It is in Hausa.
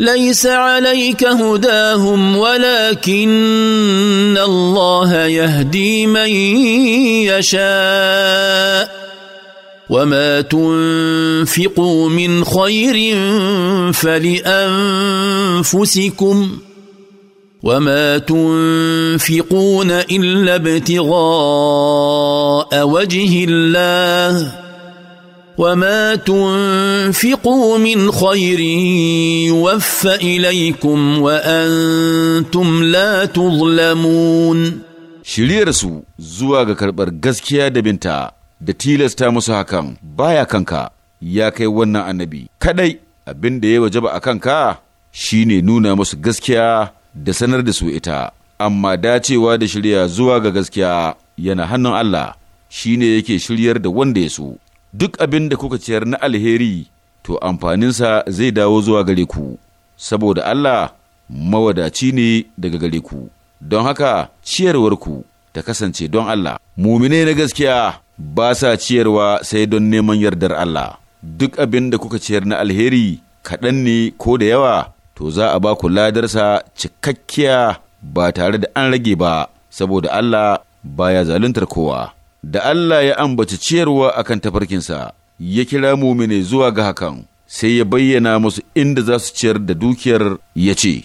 ليس عليك هداهم ولكن الله يهدي من يشاء وما تنفقوا من خير فلانفسكم وما تنفقون الا ابتغاء وجه الله وما تنفقوا من خير يوف إليكم وأنتم لا تظلمون shiryarsu zuwa ga karɓar gaskiya da binta da tilasta musu hakan baya kanka ya kai wannan annabi kaɗai abin da ya wajaba a kanka shine nuna musu gaskiya da sanar da su ita amma dacewa da shirya zuwa ga gaskiya yana hannun Allah shine yake shiryar da wanda ya so duk abin da kuka ciyar na alheri to amfaninsa zai dawo zuwa gare ku saboda Allah mawadaci ne daga gare ku don haka ciyarwarku ta kasance don Allah mumine na gaskiya ba sa ciyarwa sai don neman yardar Allah duk abin da kuka ciyar na alheri kaɗan ne ko da yawa to za a ba ku ladarsa cikakkiya ba tare da an rage ba saboda Allah baya zaluntar kowa da Allah ya ambaci ciyarwa a kan tafarkinsa ya kira mumine zuwa ga hakan sai ya bayyana musu inda za su ciyar da dukiyar ya ce